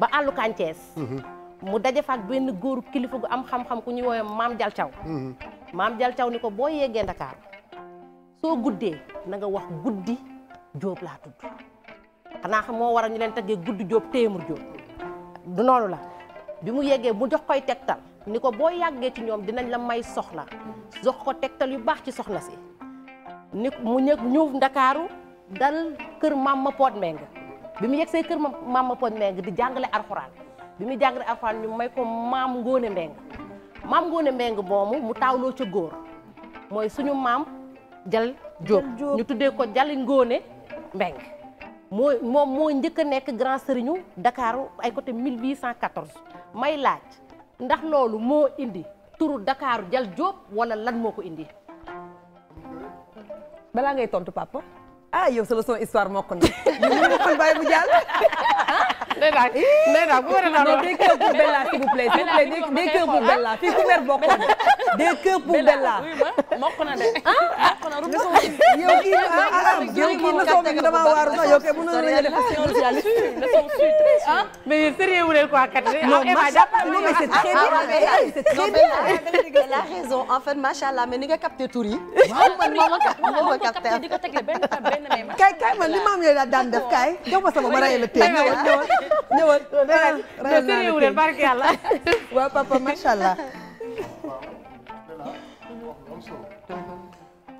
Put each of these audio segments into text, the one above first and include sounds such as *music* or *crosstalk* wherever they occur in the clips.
ba àllu kàncees mhm. mu daje benn góor kilifa gu am xam-xam ku ñuy woowee maam jal caw mhm. maam jal caw ni ko boo yeggee Ndakaar soo guddee nanga wax guddi jóob laa tudd xanaa xam moo war a ñu leen taggee guddi jóob téemur jóob du noonu la bi mu yeggee mu jox koy tegtal ni ko boo yàggee ci ñoom dinañ la may soxla jox ko tegtal yu baax ci soxna si ni mu ñëw Ndakaaru dal kër maam ma poot meng bi mu yegg see kër ma maam ma poñ mbeng di jàngale arxuraan bi muy jàngale arxuraan ñu may ko maam ngóone mbeng maam ngóone mbeng boomu mu taawloo ca góor mooy suñu maam jal jóob ñu tuddee ko jali ngóone mbeng moo moom moo njëkk nekk grand sëriñu Dakaaru ay côté 1814 may laaj ndax loolu moo indi turu Dakaaru jal jóob wala lan moo ko indi balaa ngay tontu papa ah yow sa leçon histoire mokk na. ñu kon bàyyi mu jàll. nee naa nee naa bu war a naan wax. des cœurs pour Bella s'il vous plaît. des cœurs pour Bella fii ku mer bokkoon des cœurs pour Bella. mokk na de ah mokk na ruum na yow kii yow ah, kii na soo bëgg damaa waaru sax yow kay mën nañu la def socialiste. ah mais sérieux wu leen quoi kat. non ah, macha non mais c'est très bien ah, c'est très bien. elle a raison en fait ni nga capté tur yi. waaw man maa ma capté maa ma capté di ko teg benn benn benn. kay kay man li maam yooyu la daan def kay jox ma sama ma rayéla tey ñëwal ñëwal ñëwal. rayéla naa la tey papa macha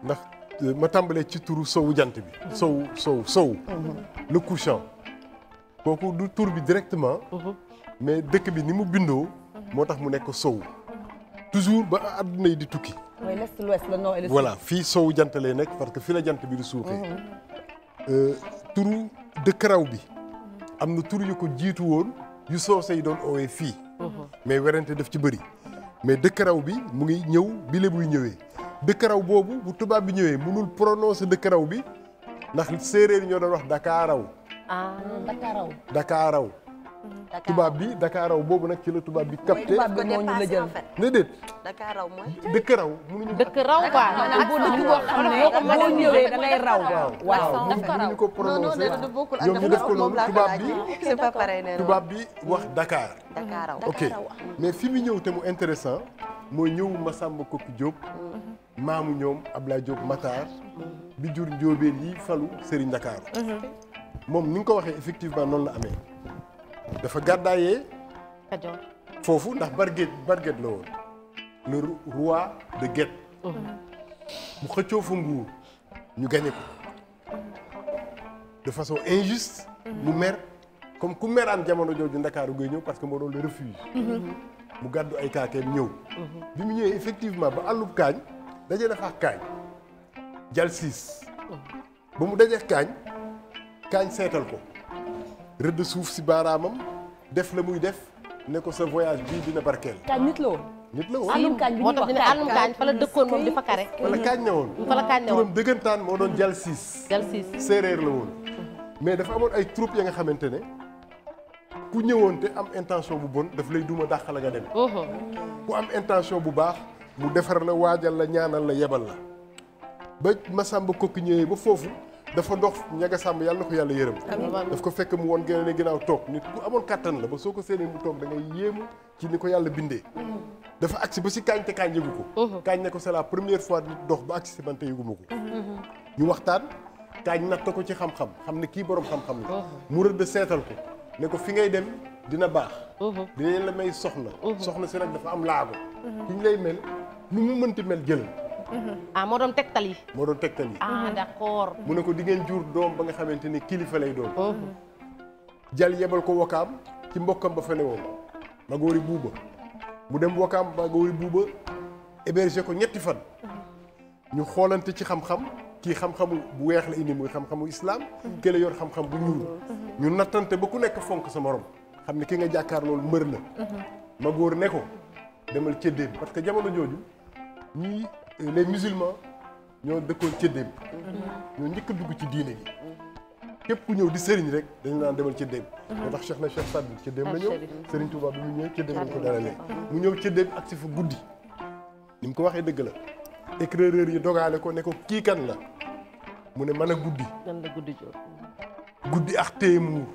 ndax euh, ma tàmbalee ci turu sowu jant bi. sow sow sow. le couchant. kooku du tur bi directement. Mhm. mais dëkk bi ni mu bindoo. Mhm. moo tax mu nekk sow. toujours ba àdduna yi di tukki. mooy l'est fii sowu jant lay nekk parce que fi la jant bi di suuxee. Mhm. Euh, turu dëkkaraw bi. am na tur yu ko jiitu woon yu soose yi doon oowee fii. mais werante daf ci bëri. mais dëkkaraw bi mu ngi ñëw bi le ñëwee. dëkkaraw boobu bu tubaab bi ñëwee mënul prononcer dëkkaraw bi ndax séeréer yi ñoo doon wax dakaaraw. Ah, dakaaraw. tubaab bi dakaaraw boobu nag ci la tubaab bi capté. tubaab bi moo ñu ne déet. dëkk raw mënuñu. dëkk raw ko mënee ñëwee ñu ko noonu tubaab bi. c'est pas pareil nee mu ñëw te mu intéressant mooy ñëw Massamba Koki Diop. Mm-hmm. maamu ñoom Ablaye Diop bi jur njóobeen yi falu mm-hmm. moom ni nga ko waxee effectivement noonu la amee. dafa gàddaayee. Kajoor foofu ndax barget barget la woon le roi de Guet. Mm-hmm. mu xëccoo fa nguur ñu gañe ko de façon injuste. Mm-hmm. mu mer comme ku mer am jamono jooju ndakaaru ngay ñëw parce que moo doon le refuge. Mm-hmm. mu gàddu ay kaakeem ñëw. bi mu ñëwee effectivement ba àllub kaañ daje na faax kaañ jal ba mu dajee kaañ kaañ seetal ko. rëdd suuf si baaraamam def la muy def ne ko sa voyage bii dina barkeel. kañ nit la woon. nit la woon àllum kañ moo tax ñu ne àllum kañ fa la dëkkoon moom di fa kare. fa la kañ woon fa la kañ ne woon turam dëggantaan moo doon jal siis. jal séeréer la woon. mais dafa amoon ay troupe ya nga xamante ne ku ñëwoon te am intention bu bon daf lay duma dàq la nga dem. ku am intention bu baax mu defar la waajal la ñaanal la yebal la ba Massamba Kokki ñëwee ba foofu. dafa dox ñaga sàmm yàlla na ko yàlla yërëm daf ko fekk mu woon gën a ginnaaw toog nit ku amoon kàttan la ba soo ko séenee mu toog da ngay yéemu ci ni ko yàlla bindee mm-hmm. dafa agsi ba si kaañ te kaañ yëgu ko uh-huh. kaañ ne ko c'est la première fois nit dox ba agsi si man te yëguma ko mm-hmm. ñu waxtaan kaañ natt ko ci xam-xam xam ne kii boroom xam-xam la uh-huh. mu rëdd seetal ko ne ko fi ngay dem dina baax uh-huh. dinañ la may soxna soxna si nag dafa am laago ki ñu lay mel nu mu mënti Ah, moo doon tegtal yi. moo doon tegtal yi. ah mhm. d'accord. mu ne ko di ngeen jur doom ba nga xamante ni kilifa lay doon. Mhm. jal yebal ko wakaam ci mbokkam ba fa newoon Magori Buuba mu dem wakaam Magori Buuba héberger ko ñetti fan. Mhm. ñu xoolante ci xam-xam kii xam-xamu bu weex la indi muy xam-xamu islam. kële yor xam-xam bu ñuul. ñu nattante ba ku nekk fonk sa morom. xam ne ki nga jàkkaar loolu mbër la. Magori ne ko demal cëddeen parce que jamono jooju ñii les musulmans ñoo dëkkoon cëddeem ñoo njëkk a dugg ci diine gi képp ku ñëw di sëriñ rek dañu naan demal cëddeem moo tax Cheikh na Cheikh Saad Bou cëddeem la ñëw sëriñ Touba bi mu ñëw cëddeem lañ ko dalalee mu ñëw cëddeem ak si fa guddi ni mu ko waxee dëgg la éclaireur yi dogaale ko ne ko kii kan la mu ne mën a guddi lan guddi joor guddi ak téemuur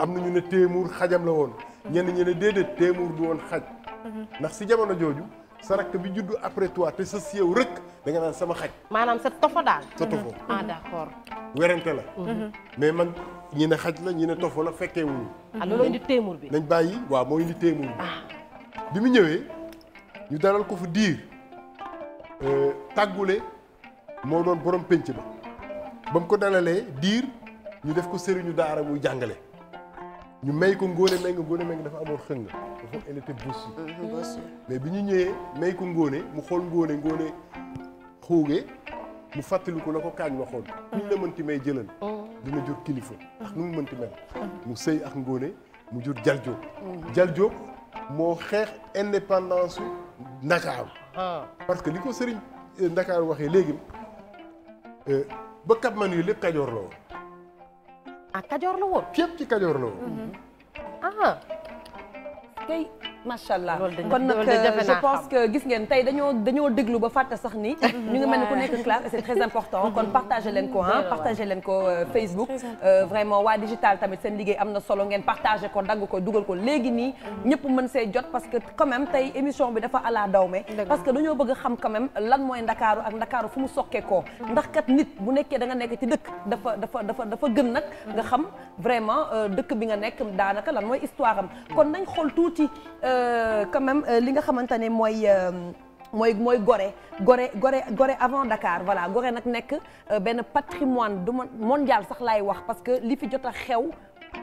am na ñu ne téemuur xajam la woon ñenn ñu ne déedéet téemuur du woon xaj ndax si jamono jooju sa rakk bi juddu après toi te sa siew rëkk da nga sama xaj. maanaam sa tofo daal. sa tofo mm-hmm. ah, werante la. Mm-hmm. mais man ñi ne xaj la ñi ne tofo la fekkee wuñu. ah loolu indi téeméer bi. nañ bàyyi waaw moo indi téeméer bi. Ah. bi mu ñëwee ñu dalal ko fu diir euh, tàggule moo doon borom pénc ba ba mu ko dalalee diir ñu def ko sëriñu daara muy jàngale. ñu may ko ngóone may nga ngóone may nga dafa amoon xëng dafa elle était mm-hmm, bi ñu ñëwee may ko ngóone mu xool ngóone ngóone xuuge mu fàttali la ko kaañ waxoon mm-hmm. ñu la mënti may jëlal oh. dina jur kilifa ak nu mu mënti mel mm-hmm. mu sëy ak ngóone mu jur Jal Diop moo xeex indépendance Ndakaaru ah. parce que li ko sëriñ euh, Ndakaaru waxee léegi euh, ba Cap Manuel lépp Kajoor la woon ah kajoor la woon. fépp ci kajoor la woon. Mm-hmm. ah. tey macha allah kon nag euh, je pense que gis ngeen tey sax ni. Mhm. ñu ngi mel ni ku nekk classe et très important mhm. kon partagé leen ko ah partagé leen ko euh, Facebook. Euh, waa digital tamit seen liggéey am na solo ngeen partagé ko dagg ko dugal ko léegi nii. Mhm. ñëpp mën see jot parce que quand même tey émission bi dafa ala dawme parce que dañoo bëgg xam quand même lan mooy ndakaaru ak ndakaaru fu mu sokkee koo ndax kat nit bu nekkee danga nekk ci dëkk dafa dafa dafa dafa gën nag nga xam vraiment dëkk bi nga nekk daanaka lan mooy histoire am kon nañ Euh, quand même euh, li nga xamante ne euh, mooy mooy mooy gore Gorée Gorée Gorée avant Dakar voilà gore nag nekk benn patrimoine du mondial sax laay wax parce que li fi jot a xew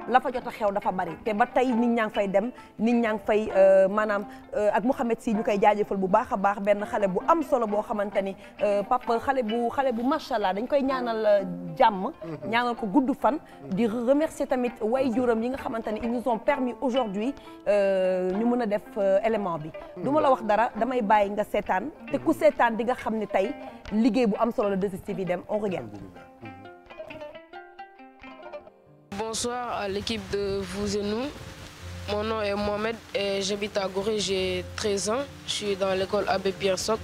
la jot a xew dafa bari te ba tey nit ñaa ngi fay dem nit ñaa ngi fay euh, maanaam euh, ak Mouhamed si ñu koy jaajëfal bu baax a baax benn xale bu am solo boo xamante ni euh, papa xale bu xale bu macha allah dañ koy ñaanal jàmm. ñaanal ko gudd fan. di remercier tamit way juram yi nga xamante ni ils nous ont permis aujourd'hui ñu mën a def élément bi. duma la wax dara damay bàyyi nga seetaan te ku seetaan di nga xam ni tey liggéey bu am solo la 2STV dem on regarde. Bonsoir à l'équipe de Vous et Nous. Mon nom est Mohamed et j'habite à Gorée, j'ai 13 ans. Je suis dans l'école Abbé Pierre Soc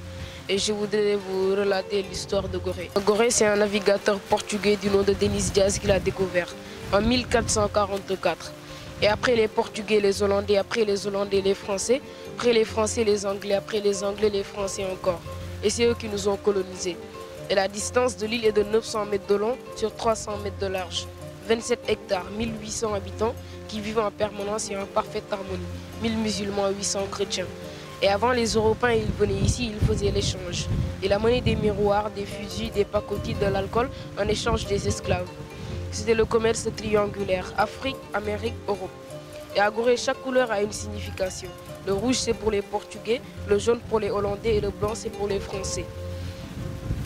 et je voudrais vous relater l'histoire de Gorée. Gorée, un navigateur portugais du nom de Denis Diaz qui l'a découvert en 1444. Et après les Portugais, les Hollandais, après les Hollandais, les Français, après les Français, les Anglais, après les Anglais, les de l'île de 900 mètres de long sur de large. 27 hectares, 1800 habitants qui vivent en permanence et en parfaite harmonie. 1000 musulmans, 800 les Européens, ils venaient ici, ils faisaient l'échange. Ils amenaient des miroirs, des fusils, des des esclaves. C'était le commerce triangulaire, Afrique, Amérique, Europe. Et à Gorée, chaque couleur a une Le rouge, c'est pour les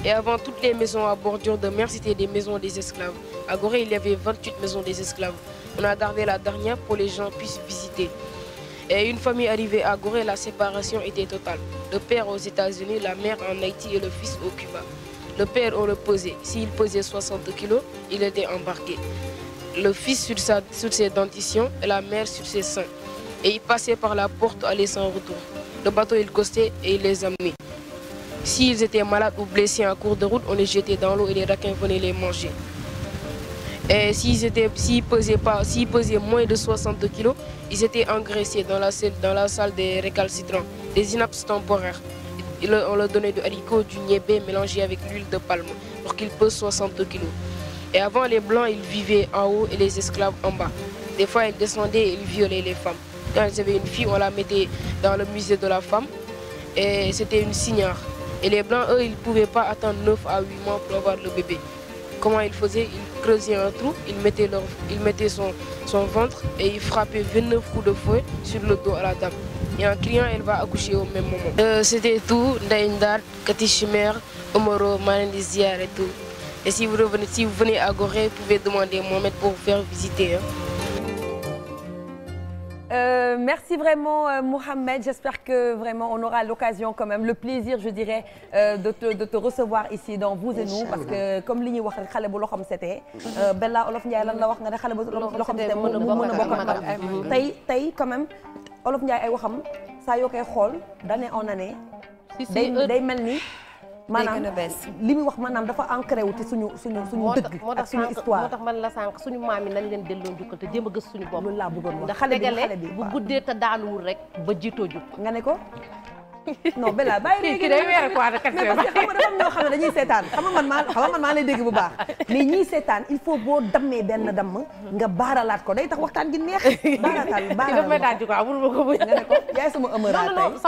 Et avant toutes les maisons à bordure de mer, des maisons des esclaves. À Gorée, il y avait 28 maisons des esclaves. On a gardé la dernière pour que les gens puissent visiter. Et une famille arrivée à Gorée, la séparation était totale. Le père aux États-Unis, la mère en Haïti et le fils au Cuba. Le père, on le pesait. S'il pesait 60 kilos, il était embarqué. Le fils sur, ses dentitions et la mère sur ses seins. Et il passait par la porte, allait sans retour. les S'ils étaient malades ou blessés en cours de route, on les jetait dans l'eau et les requins venaient les manger. s'ils pesaient moins de 62 kilos, ils étaient engraissés dans la salle, dans la salle des récalcitrants, des inaps temporaires. on leur donnait du haricot, du niébé mélangé avec l'huile de palme pour qu'ils pesent kilos. Et avant, les blancs, ils vivaient en haut et les esclaves en bas. Des fois, ils descendaient et ils violaient les femmes. Quand ils avaient une le musée de la femme et Et les blancs, eux, ils ne pouvaient pas attendre 9 à 8 mois pour avoir le bébé. Comment ils faisaient Ils creusaient un trou, ils mettaient, son, ventre et ils frappaient 29 de fouet sur le dos à la dame. Et en criant, elle va accoucher au même moment. Euh, c'était tout, Ndaïndar, Katichimer, Omoro, Marendiziar et tout. Et si vous, revenez, si vous venez à Gorée, vous demander Mohamed pour faire visiter. Euh, merci vraiment euh, Mohamed. J'espère que vraiment on aura l'occasion quand même, le plaisir je dirais, euh, de, te, de te recevoir ici dans Vous et Nous. Parce que comme li ñuy wax rek xale bu loxoom setee. Euh, Bella Olof Ndiaye lan la wax nga ne xale bu loxoom setee mën na mën a bokk ak man. Mhm. tey tey quand même Olof Ndiaye ay waxam saa yoo koy xool d'année en année. day day mel ni. maanaam li muy wax manaam dafa ancré wu suñu suñu suñu dëgg ak suñu histoire moo tax man la sànq suñu maam yi lañ leen delloo njukkal te jéem a gës suñu bopp loolu laa bëggoon wax ndax xale bi bu guddee te daanuwul rek ba jiitoo jub nga ne ko *laughs* non Bella bàyyi léegi kii day weer quoi de am xam ne dañuy seetaan maa xam nga man maa lay dégg bu baax mais ñiy seetaan il faut boo dammee benn damm nga baaralaat ko day tax waxtaan gi neex baaraatal baaralaat *laughs* daf may daal di quoi amul ma ko bu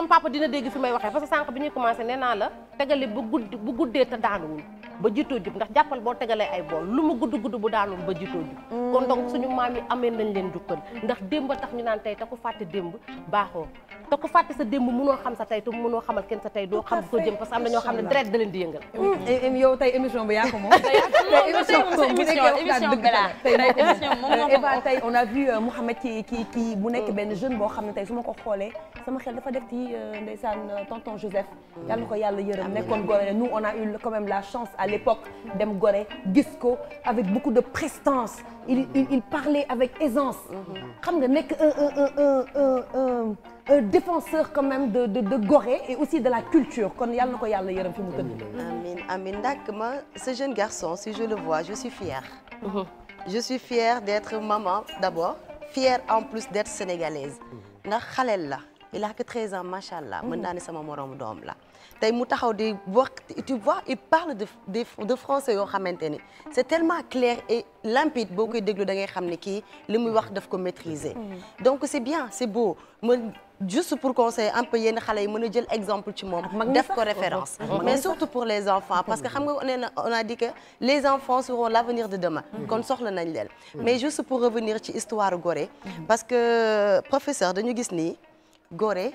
nga dina dégg fi may waxee parce que sànq bi ñuy commencé nee naa la tegale bu gudd bu guddee te daanuwul ba jiitoo jub ndax jàppal boo tegalee ay bool lu mu gudd gudd bu daanul ba jiitoo jub mm. kon donc suñu maam yi amee nañ leen njukkal ndax démb tax ñu naan tey te ku fàtte démb baaxoo te ku fàtte sa démb mënoo xam sa tey te mënoo xamal kenn sa tey doo xam ko jëm parce que am na ñoo xam ne direct da leen di yëngal. Mm. Mm. yow tey émission bi yaa ko moom. *laughs* tey émission bi émission bi la émission moom moom *laughs* Eva tey on a vu euh, Mouhamed ci ki kii bu nekk mm. benn jeune boo xam ne tey su ma ko xoolee sama xel dafa def ci euh, ndeysaan euh, tonton Joseph. yàlla na ko yàlla yërëm nekkoon Gorée nous on a eu quand même la chance à l'époque dem Gorée gis ko avec beaucoup de prestance il il parlait avec aisance. Mm-hmm. xam nga nekk un un un un un. Euh, défenseur quand même de de de Gorée et aussi de la culture kon yàlla na ko yàlla yërëm fi mu tëdd. amiin amiin ndax ma ce jeune garçon si je le vois je suis fière. Mhm. je suis fière d'être maman d'abord fière en plus d'être sénégalaise ndax xaleel la il a que 13 ans macha allah. mën naa ne sama moromu doom la tey mu taxaw di wax tu vois il parle de de de français yoo xamante ni c'est tellement clair et limpide boo koy déglu da ngay xam ne kii li muy wax daf ko maîtriser. Mm. donc c'est bien c'est beau juste pour conseiller un peu yenn xale yi mën a jël exemple ci moom def ko mais surtout pour les enfants parce que xam on a dit que les enfants seront l'avenir de demain mm. kon soxla nañ leen mm. mais juste pour revenir ci histoire Gorée parce que professeur dañu gis Gorée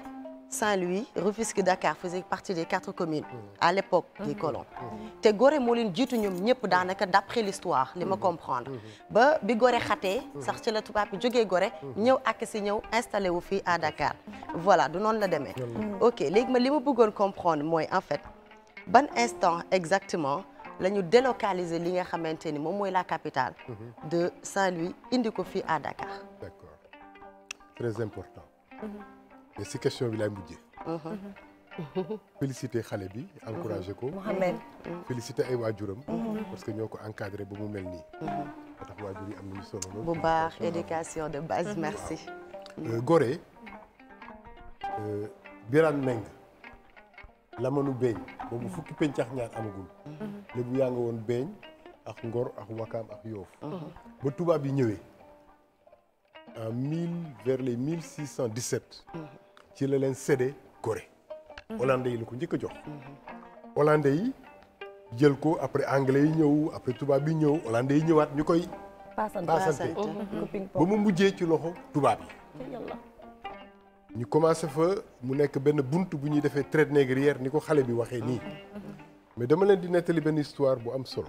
Saint-Louis Rufisque Dakar faisaient partie des quatre communes mm. à l'époque des mm-hmm. colons mm-hmm. te Gorée moo leen jiitu ñoom ñëpp daanaka d'après l'histoire li ma mm-hmm. comprendre ba bi Gorée xatee sax ci la tubaab bi jógee Gorée ñëw ak si ñëw installé wu fii à Dakar voilà du noonu la demee ok léegi ma li ma bëggoon comprendre mooy en fait ban instant exactement la ñu délocaliser li nga xamante ni moom mooy la capitale de Saint-Louis indi ko fii à Dakar d'accord très mais si question bi laay mujjee. Uh-huh. félicité xale bi encouragé ko. Mouhamed uh-huh. félicité ay waajuram. Uh-huh. parce que ñoo ko encadré ba mu mel nii. ba tax waajur yi am nañu solo. bu baax éducation de base merci. Euh, Gorée euh, Birane Meng lamanu beeñ boobu fukki pencax ñaar amagul. léegi yaa nga woon beeñ ak Ngor ak Wakaam ak Yoof. ba tubaab yi ñëwee en mille vers les mille six cent dix ci la leen sede Corée. Hollandais yi la ko njëkk a jox. Hollandais yi jël ko après anglais yi ñëw après tubaab yi ñëw Hollandais yi ñëwaat ñu koy. paasante mhm. ba mu mujjee ci loxo tubaab yi. ñu commencé fa mu nekk benn bunt bu ñuy defee traite négrière ni ko xale bi waxee nii. Mhm. mais dama leen di nettali benn histoire bu am solo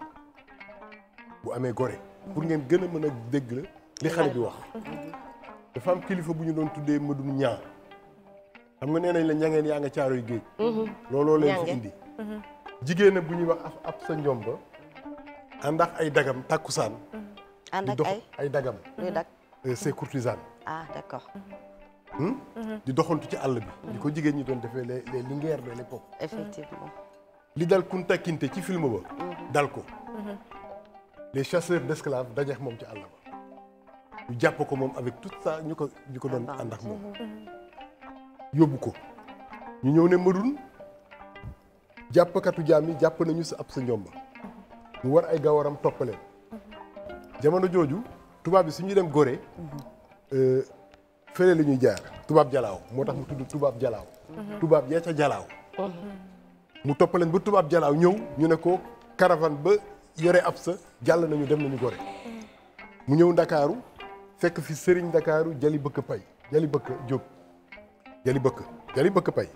bu amee Gorée. pour ngeen gën a mën a dégla la li xale bi wax. Mhm. dafa am kilifa bu ñu doon tuddee Madoum Niang. xam nga nee nañ la ñangeen yaa nga caaroy géej mhm. looloo leen fi indi mhm. jigéen bu ñuy wax af ab sa njomba ànd ak ay dagam tàkkusaan mhm. ànd ak ay dagam eh, c'est courtisane ah d'accord hmm? di doxantu ci àll bi di ko jigéen ñi doon defee les les lingeer de l'époque effectivement li dal Kunta Kinte ci film ba dal ko les chasseurs d'esclaves dajeex moom ci àll ba ñu jàpp ko moom avec tout ça ñu ko ñu ko doon ànd moom yóbbu ko ñu ñëw ne madun jàppkatu jaam yi jàpp nañu si ab sa njomba mu war ay gawaram toppaleen jamono jooju tubaab bi su ñuy dem Gorée fële la ñuy jaar tubaab jalaaw moo tax mu tudd tubaab jalaaw tubaab yee ca jalaaw mu toppaleen ba tubaab jalaaw ñëw ñu ne ko caravane ba yore ab sa jàll nañu dem nañu Gorée mu ñëw ndakaaru fekk fi sëriñ ndakaaru jali bëkk pay jali bëkk jóg jali bëkk jali bëkk pay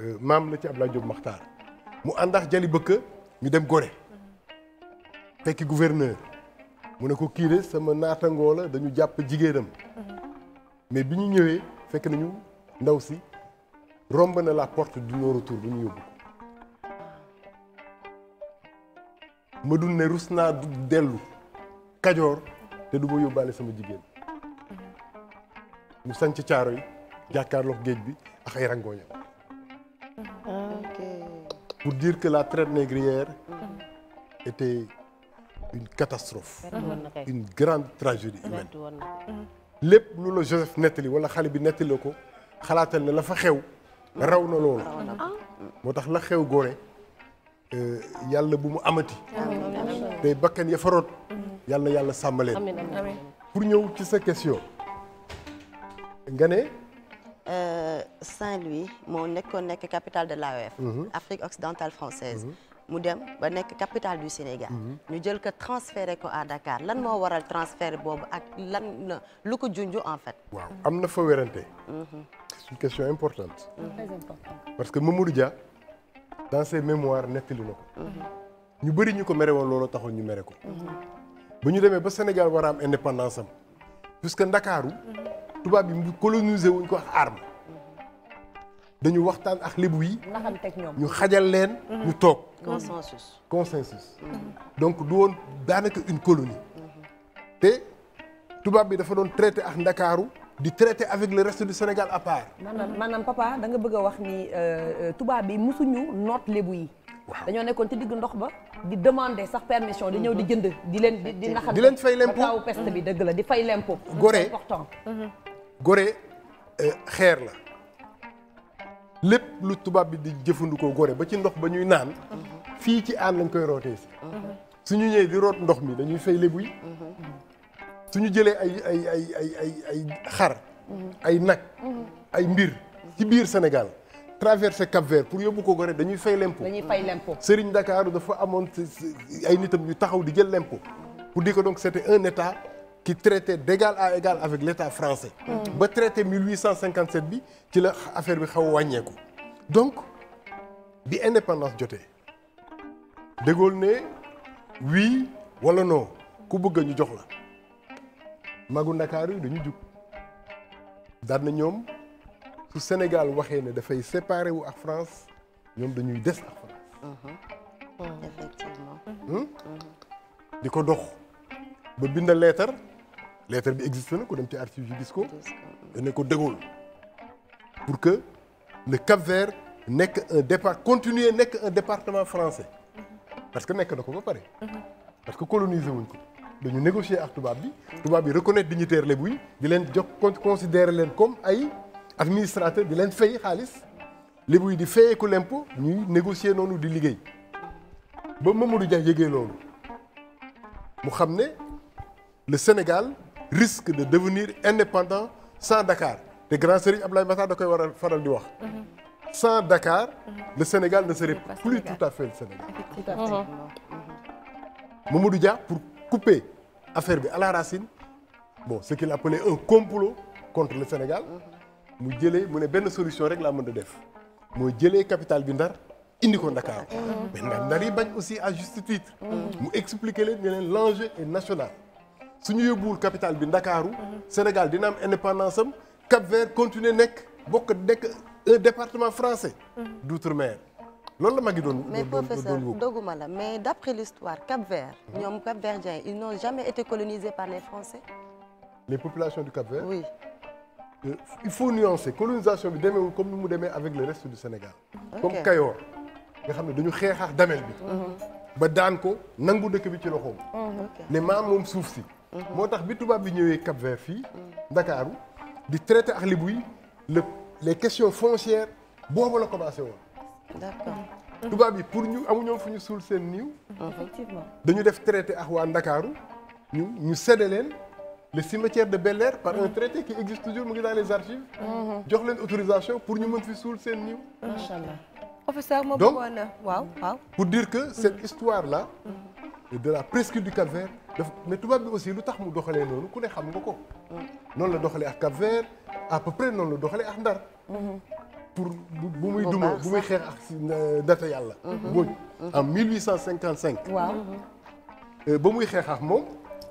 euh, maam la ci ab Abdoulaye Diop Makhtar mu àndax jali bëkk ñu dem Gorée fekki gouverneur mu ne ko kii de sama naatangoo la dañu jàpp jigéenam mais bi ñu ñëwee fekk nañu ndaw si romb na la porte du non retour bu ñu yóbbu ma ne rus naa du dellu Kajoor te du ma yóbbaale sama jigéen mu sañc caaro yi jàkkaarloog géej bi ak ay rangooñam. ok. pour dire que la traite négrière était une catastrophe. une grande tragédie humaine. Mm-hmm. lépp lu la Joseph nettali wala xale bi nettali ko xalaatal ne la fa xew. raw na loolu. Ah. moo tax la xew góore euh, yàlla bu mu amati. tey bakkan ya faroot. Mm-hmm. yàlla yàlla sàmmaleen pour ñëw ci sa question. nga ne. Saint-Louis moo nekkoon nekk capital de la l'AOF mhm. Afrique occidentale française mhm. mu dem ba nekk capital du Sénégal mhm. ñu jël ko transféré ko à Dakar lan moo waral transfert boobu ak lan lu ko junju en fait waaw am na fa werante parce que Mamadou Dia dans ses mémoires nettali na ko ñu bëri ñu ko mere woon loolu taxoon ñu mere ko ba ñu demee ba Sénégal war a am indépendance am puisque Ndakaaru tubaab yi mu colonisé wuñ ko wax arme dañu waxtaan ak lébu yi. ñu xajal leen. Mm-hmm. ñu toog consensus. consensus. Mm-hmm. donc du woon daanaka une colonie. Mm-hmm. te tubaab bi dafa doon traité ak Ndakaaru. di traité avec le reste du Sénégal à part. maanaam maanaam papa da nga bëgg a wax ni euh, euh, tubaab bi mosuñu noot lébu yi. waaw dañoo nekkoon ci digg ndox ba di demander sax permission di ñëw di jënd di leen di di naxal di leen fay lempo ba peste bi dëgg la di fay lempo. gore important gore euh, xeer la. lépp lu tubaab bi di jëfandikoo gore ba ci ndox ba ñuy naan fii ci aan lañ koy rootee si mhm. suñu ñëwee di root ndox mi dañuy fay lébu yi mhm. suñu jëlee ay ay ay ay ay ay xar mhm. ay nag ay mbir ci biir Sénégal traversé Cap-Vert pour yóbbu ko gore dañuy fay lempo dañuy fay lempo Serigne Dakar dafa amoon ay nitam yu taxaw di jël lempo pour di ko donc c'était un état ci traité d'égal à égal avec l'État français. Mm. ba traité 1857 bi ci la affaire bi xaw wàññeeku. donc bi indépendance jotee de ne oui walla noo ku bëgg ñu jox la magu Ndakaaru yi dañu jug daan ñoom su Sénégal waxee ne dafay séparé wu ak France ñoom dañuy des ak France. Mm-hmm. Mm-hmm. Hmm? di ko dox ba bind leetar. lettre bi existé na ko dem ci archive yi gis ah, ko ne ko pour que le Cap Vert nekk un départ continuer nekk un département francais mhm. parce que nekk na ko ba pare mhm. parce que coloniser wuñ ko dañu négocier ak tubaab bi tubaab bi reconnaître dignitaire lébu yi di leen jox considérer leen comme ay administrateur bi leen fay xaalis lébu yi di fayeeku l'impôt ñuy négocier noonu di liggéey ba Mamadou Dia yëgee loolu mu xam ne le Sénégal risque de devenir indépendant sans Dakar te grand sëriñ Ablaye Makhtar da koy waral faral di wax. sans Dakar. le Sénégal ne serait plus tout à fait le Sénégal. tout à fait Mamadou pour couper affaire bi à la racine bon ce qu'il appelait un complot contre le Sénégal. mu jëlee mu ne benn solution rek laa mën a def. moo jëlee capitale bi Ndar indi ko Dakar. Mmh. mais Ndar yi bañ aussi à juste titre. Mmh. mu expliquer leen ñu ne national. suñu yóbbuwul capital bi ndakaaru Sénégal dina am indépendance am Cap Vert continuer nekk bokk nekk un département français d'outre-mer loolu la ma ngi doon mais professeur doguma la mais d'après l'histoire Cap Vert ñoom Cap Verdiens ils n'ont jamais été colonisés par les Français les populations du Cap Vert euh, il faut nuancer colonisation bi demeewul comme ni mu demee avec le reste du Sénégal comme Kayoor nga xam ne dañu xeexaax damel bi mhm. ba daan ko nangu dëkk bi ci loxoom mhm, ne suuf si moo tax bi tubaab yi ñëwee Cap Vert fii. Ndakaaru di traité ak lébu yi le les questions foncières boobu la commencé woon. d'accord tubaab yi pour ñu amuñoon fu ñu suul seen niiw. effectivement dañu def traité ax waa Ndakaaru ñu ñu séddee leen. le cimetière de Bel par mmh. un traité qui existe mu ngi dans les archives. Mhm. jox mmh. leen autorisation pour ñu mën fi suul seen niiw. macha allah ma bëggoon na waaw waaw. pour dire que cette mhm. histoire là. Mhm. de la presqu'île du Cap-Vert. daf mais tubaab bi aussi lu tax mu doxalee noonu ku ne xam nga ko. noonu la doxalee ak Cap-Vert à peu près noonu la doxalee ak Ndar. pour bu muy duma bu muy xeex ak si euh, data yàlla. Mhm. Mbodj en 1855. waaw euh, ba muy xeex ak moom.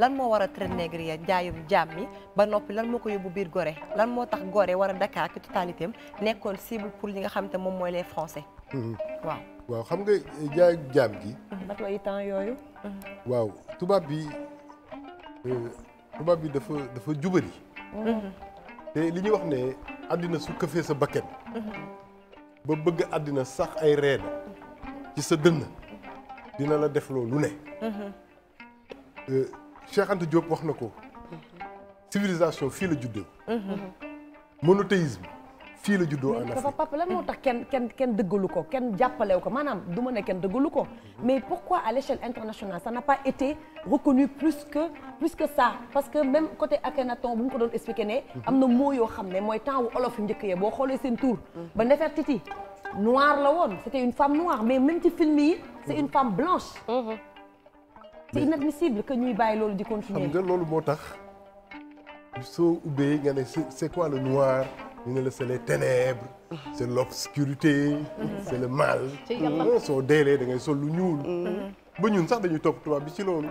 lan moo war a traite ah. négrière jaayum jaam mi ba noppi lan moo ko yóbbu biir gore lan moo tax Gorée war a Dakar ci totalité am nekkoon cible pour li nga xam te moom mooy les français. Mhm. waaw xam nga eh, jaay jaam gi. matuwaayu mhm. temps yooyu. Mhm. waaw tubaab bi euh, tubaab bi dafa dafa jubari te li ñuy wax ne àddina su këfee sa bakken ba bëgg àddina sax ay reena ci sa dënn dina la def loolu ne Euh, Cheikh Anta Diop wax na ko civilisation fii la juddoo. monothéisme fii la juddoo en Afrique. dafa papa lan tax kenn kenn kenn dëggalu ko kenn jàppalewu ko maanaam du ma ne kenn dëggalu ko mais pourquoi à l'échelle internationale ça n'a pas été reconnu plus que plus que ça parce que même côté Akhenaton bu ñu ko doon expliqué ne. am na moo yoo xam ne mooy temps wu olof njëkk yee boo xoolee seen tur. ba Nefertiti noir la woon c'était une femme noire mais même ci film yi c'est une c'est inadmissible que ñuy bàyyi loolu di continuer. am nga loolu moo tax soo ubbee nga ne c'est quoi le noir ñu ne la c'est les ténèbres. c'est l'obscurité mm-hmm. c'est le mal. Mm-hmm. soo deelee da ngay sol lu ñuul. Mm-hmm. ba ñun sax dañuy topp tubaab bi ci loolu.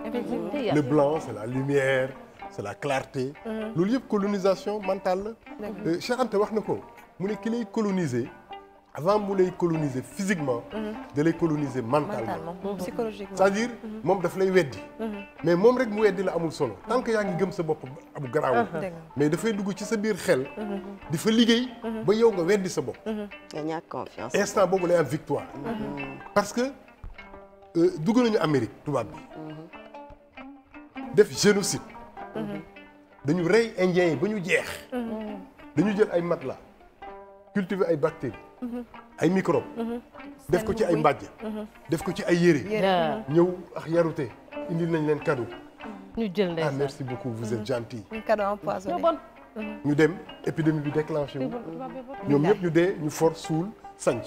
le blanc c'est la lumière c'est la clarté. loolu yëpp colonisation mentale la. Euh, Cheikh Anta wax na ko mu ne ki lay coloniser. avant mu lay coloniser physiquement. Mhm. da lay coloniser mentalement. Mhm. Mhm. psychologiquement c'est-à-dire moom daf lay weddi. mais moom rek mu weddi la amul solo. tant que yaa ngi gëm sa bopp ab garaaw. mais dafay dugg ci sa biir xel. di fa liggéey. ba yow nga weddi sa bopp. nga ñàkk confiance. instant boobu lay am victoire. parce que euh, dugg nañu Amérique tubaab bi. def génocide. dañu rey indiens yi ba ñu jeex. dañu jël ay matelas cultiver ay bactéries. ay microbe def ko ci ay mbàjj def ko ci ay yére ñëw ax yarute indil nañ leen cadeau ñu jël ah merci beaucoup vous êtes gentil cadeau empoisonné ñu dem épidémie bi déclenché wu ñoom ñëpp ñu dee ñu for suul sanc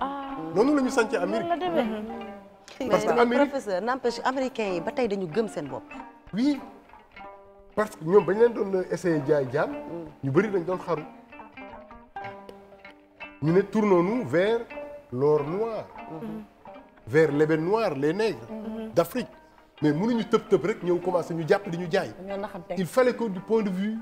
ah. noonu la ñu sancee Amérique mm-hmm. que Amérique américains yi ba tey dañu gëm seen bopp oui parce que ñoom bañ leen doon essayé jaay jaam ñu bëri dañ doon xaru ñu ne tournons-nous vers l'or noir mm-hmm. vers l'ébène noir les nègres mm-hmm. d'Afrique mais mu ñu tëb tëb rek ñëw commencé ñu jàpp di ñu jaay il fallait que du point de vue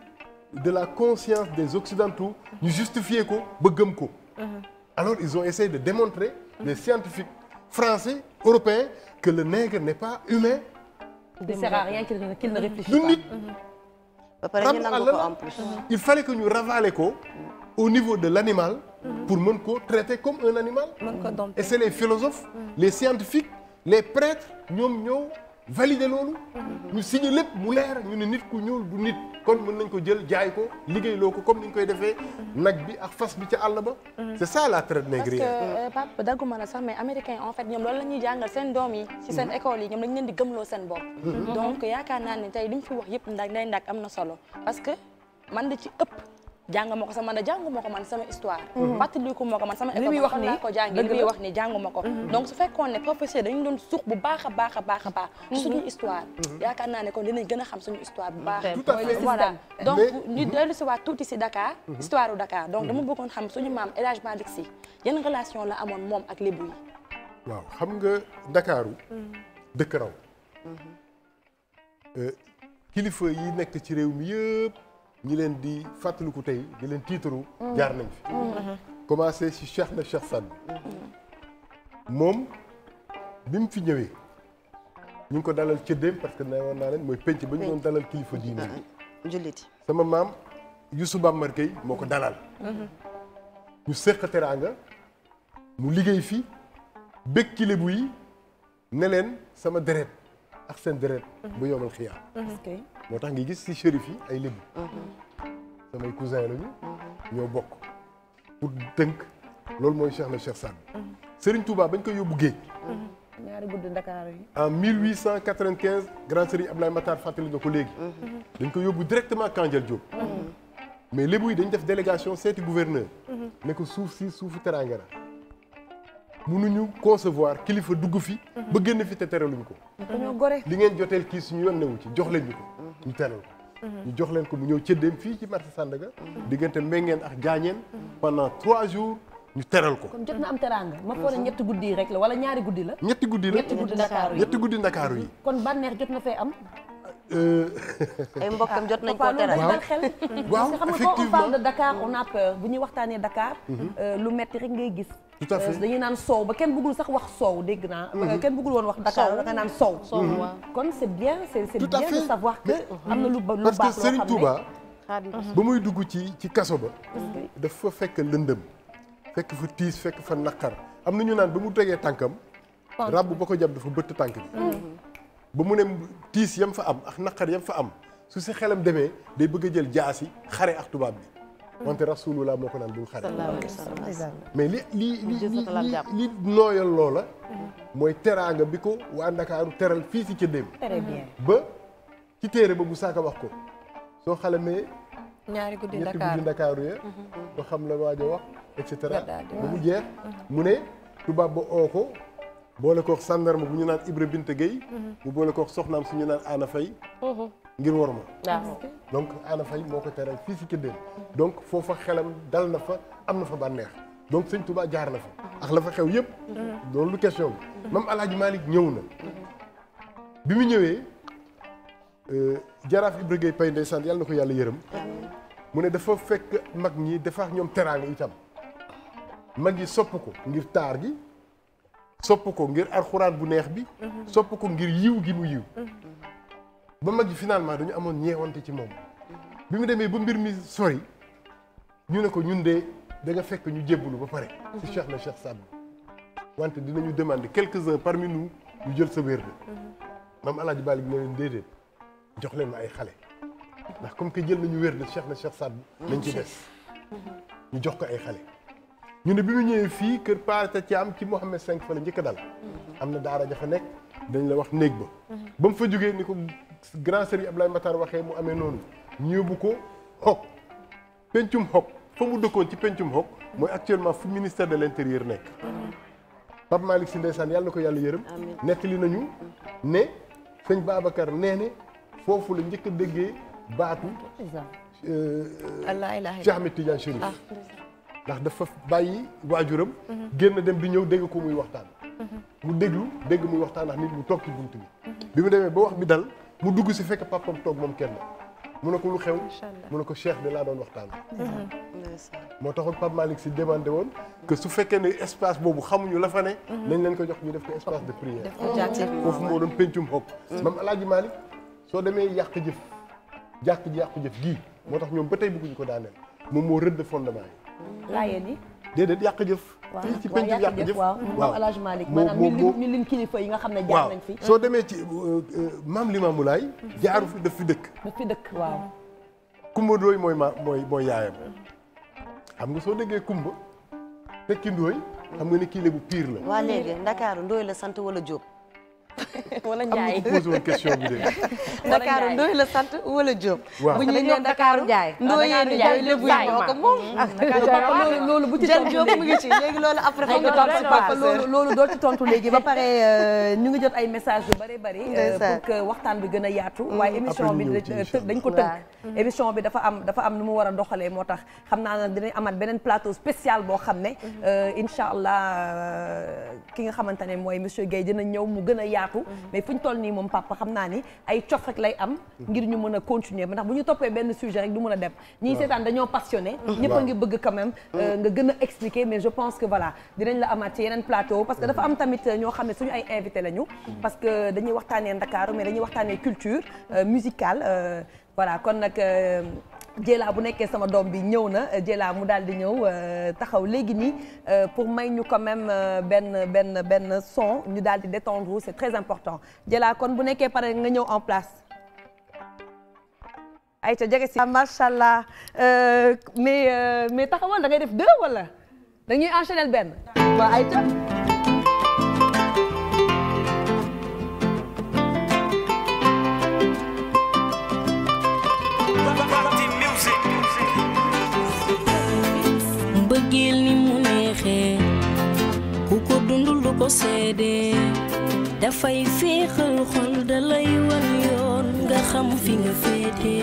de la conscience des occidentaux ñu justifier ko ba gëm ko mm-hmm. alors ils ont essayé de démontrer les scientifiques français européens que le nègre n'est pas humain il nit ba pare ñu nangu ko en plus mm-hmm. il fallait que ñu ravaler ko mm-hmm. au niveau de l'animal mm-hmm. pour mën ko traiter comme un animal et c'est les philosophes les scientifiques les prêtres ñoom ñëw valider loolu. ñu signé lépp mu leer ñu ne nit ku ñuul du nit. kon mën nañ ko jël jaay ko liggéeyloo ko comme ni ñu koy defee. nag bi ak fas bi ca àll ba. Mm. c'est ça la traite négrière. parce que euh, Pape dagguma la sax mais américain en fait ñoom loolu la ñuy jàngal seen doom yi. ci seen mm-hmm. école yi ñoom dañu leen di loo seen bopp. Mm-hmm. donc yaakaar naa ni tey li ñu fi wax yëpp ndag nday ndag am na solo parce que man da ci ëpp. jàng ko sama man a jàngu ma ko man sama histoire mhm. fàttaliku ma ko man sama école wax ni ko jàngi li muy wax ni jànguma ko mhm. donc su fekkoon ne professeur dañu doon suux bu baax a baax baax a baax mhm. suñu histoire yaakaar naa ne kon dinañ gën a xam suñu histoire bu baax donc ñu dellu si tuuti si Dakar histoire u Dakar dama bëggoon xam suñu maam El Hadj Malick Sy relation la amoon moom ak lébu yi waaw xam nga Ndakaaru dëkk raw euh, kilifa yi nekk ci réew mi yëpp ñi leen di fàttaliku tey di leen tiitaru mm. jaar nañ fi mm. mm-hmm. commencé ci Cheikh na Cheikh Saad mm-hmm. moom bi mu fi ñëwee ñu ngi ko dalal cëddeem parce que ne woon naa leen mooy penc ba ñu doon dalal kilifa diine mm-hmm. julliti sama maam Youssou Bamar Gueye moo ko dalal ñu séq teraanga mu liggéey fi bëgg kilibu yi ne leen sama deret ak seen deret bu yomal xiyaam moo tax nga gis si chérif yi ay lébu mhm. samay cousin lañu mhm. ñoo bokk pour tënk loolu mooy Cheikh na Cheikh Saad mhm. Serigne Touba bañ koy yóbbu géej ñaari guddi Dakar yi en 1895 grand Serigne Abdoulaye Matar fàttali na ko léegi dañ ko yóbbu directement Kandial Diop mais lébu yi dañ def délégation seeti gouverneur ne ko suuf si suufu teranga la mënuñu concevoir kilifa dugg fi ba génn fi te teraluñ ko dañoo li ngeen joteel kii suñu yoon newu ci jox leen ñu ko ñu teral ko ñu jox leen ko mu ñëw cëddeem fii ci marché Sandaga diggante Mbengeen ak Jaañeen pendant trois jours ñu teral ko. kon jot na am teraanga. ma foog ne ñetti guddi rek la wala ñaari guddi la. ñetti guddi la ñetti guddi Ndakaaru yi ñetti guddi Ndakaaru yi. kon bànneex jot na fee am. Euh, ay mbokkam jot nañ koo teral waaw waaw xam nga quand on parle on a peur bu ñuy waxtaanee Dakar. Mhm. Euh, lu metti rek ngay gis. tout à euh, fait naan soow ba kenn bëggul sax wax soow dégg naa. Mhm. kenn bëggul woon wax Dakar da naan soow. Mhm. kon c' est bien c' est bien am na lu ba lu baax loo ba muy dugg ci ci kaso ba. dafa fekk lëndëm. fekk fa tiis fekk fa naqar am na ñu naan ba mu tegee tànkam. rab ba ko jàpp dafa bëtt tànk bi. ba mu ne tiis yam fa am ak naqar yam fa am su si xelam demee day bëgg a jël jaasi xare ak tubaab bi wante rasulullah moo ko naan bul xare mais li li li li nooyal loola mhm. mooy teraanga bi ko waa Ndakaaru teral fii si ca démb mhm. ba ci téere ba bu saaka wax ko soo xalamee ñaari guddi Ndakaaru ya soo mhm. xam la waaj a wax et cetera ba mu jeex mu ne tubaab ba oo ko boole kook sàndarma bu ñu naan Ibra Binte Gueye bu mhm. boole kook soxnaam su ñu naan Ana Faye mhm. ngir war ma donc Ana Faye moo ko teral fii si Këddeen donc foofa xelam dal na fa am na fa bànneex donc sëñ Touba jaar na fa mhm. ak la fa xew yëpp loolu lu question bi même Alaaji Malick ñëw na bi mu ñëwee euh, jaraaf Ibra Gueye Pay ndeysaan yàlla na ko yàlla yërëm mu ne dafa fekk mag ñi dafa ak ñoom teraanga itam mag yi sopp ko ngir taar gi sopp ko ngir alxuraan bu neex bi sopp ko ngir yiw gi mu yiw ba mag yi finalement dañu amoon ñeewante ci moom bi mu demee ba mbir mi sori ñu ne ko ñun de da fekk ñu jébbalu ba pare ci Cheikh na Cheikh Saad Bou wante dinañu demander quelques-uns parmi nu ñu jël sa wér de maam Alaaji Baalik ne leen déedéet jox leen ma ay xale ndax comme que jël nañu wér de Cheikh na Cheikh Saad Bou nañ ci des ñu jox ko ay xale ñu ne bi mu ñëwee fii kër Paate Thiam ci Mohammed 5 fa la njëkk dal am na daara jafa nekk dañ la wax néeg ba ba mu fa jógee ni ko grand sëriñ Abdoulaye Matar waxee mu amee noonu ñu yóbbu ko xog pencum xog fa mu dëkkoon ci pencum xog mooy actuellement fu ministère de l'intérieur nekk Pape si Sy ndeysaan yàlla ko yàlla yërëm nettali nañu ne sëñ Babacar nee ne foofu la njëkk a déggee baatu euh, Cheikh Ahmed Tidiane Chérif ah, ndax dafa bàyyi waajuram. génn dem bi ñëw dégg ko muy waxtaan. mu déglu dégg muy waxtaan ndax nit mu toog ci bunt bi. bi mu demee ba wax bi dal mu dugg si fekk papam toog moom kenn mu ne ko lu xew. mu ne ko cheikh bi laa doon waxtaan. Mhm. moo tax Pape Malick si demandé woon que su fekkee ne espace boobu xamuñu la fa ne. Mhm. leen ko jox ñu def ko de prière. Oh. foofu moo doon pencum xob. maam El Hadj soo demee yàq jëf jàkk ji yàq jëf gii moo tax ñoom ba tey bëgguñu ko daaneel moom moo rëdd fondement yi. laayeen yi déedéet yàq jëf fii ci penc yàq jëf waaw waaw El Hadj Malick ñu lim ñu kilifa yi nga xam ne jaar nañ fi soo demee ci euh, maam mu Laay jaaru fi daf fi dëkk daf fi dëkk waaw Kumba Ndooy mooy ma mooy mooy yaayam xam nga soo déggee Kumba fekki Ndooy xam nga ne kii bu piir la waa léegi Ndakaaru Ndooy la sant wala Jóob wala Ndiaye Ndakaaru Ndoye la sant wala Diop. waaw bu ñuy ñëw Ndakaaru Ndiaye. Ndoye Ndiaye lébu yi moom. loolu loolu bu ci tontu Diop mu ngi ci nga tontu léegi ba pare euh, ñu ngi jot ay message yu bari bari. Euh, pour que waxtaan bi gën a yaatu. Mm. waaye émission bi dañ ko tënk. émission bi dafa am dafa am nu mu war a doxalee moo tax xam naa ne dinañ amat beneen plateau spécial boo xam ne. Mm-hmm. Euh, incha allah ki nga xamante ne mooy monsieur Guèye dina ñëw mu gën a yaatu yaatu mais fu ñu toll nii moom papa xam naa ni ay cof rek lay am ngir ñu mën a continuer ndax bu ñu toppee benn sujet rek du mën a dem ñii seetaan dañoo passionné ñëpp a ngi bëgg quand même euh, euh. nga gën a expliquer mais je pense que voilà dinañ la amaat ci yeneen plateau parce que dafa am tamit euh, ñoo xam ne suñu ay invité lañu parce que dañuy waxtaanee Ndakaaru mais dañuy waxtaanee culture musicale voilà kon nag Jëla bu nekkee sama doom bi ñëw na Jëla mu daal di ñëw euh, taxaw léegi nii euh, pour may ñu quand même euh, benn benn benn son ñu daal di détendre c'est très important Jëla kon bu nekkee pare nga ñëw en place. ayca jege si. macha allah mais mais taxawal da ngay def deux wala dañuy enchaîner benn. waaw ayca. ko seede dafay féexal xol dalay wan yoon nga xam fi nga féete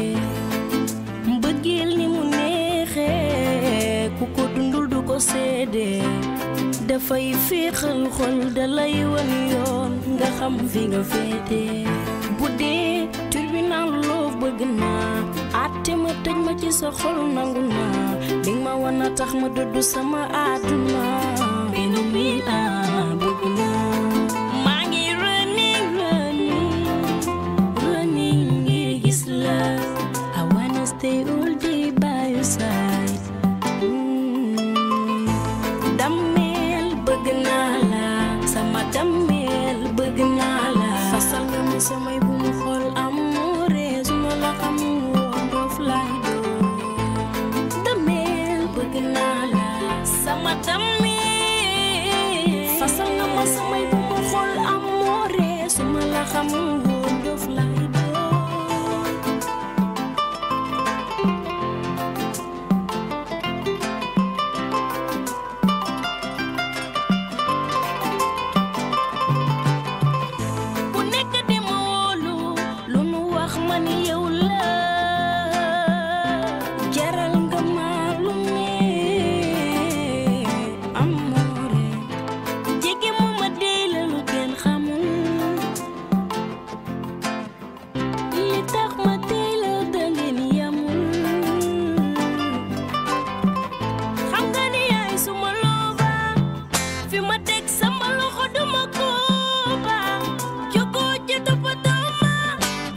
mbëggeel ni mu neexee ku ko dundul du ko seede dafay féexal xol dalay wan yoon nga xam fi nga féete bu dee tribunal loo bëgg naa àtte ma tëj ma ci sa xol nangu naa bi ma wana tax ma dëddu sama àdduna fi ma teg sama loxo duma ko baax jogo ci toppatoo ma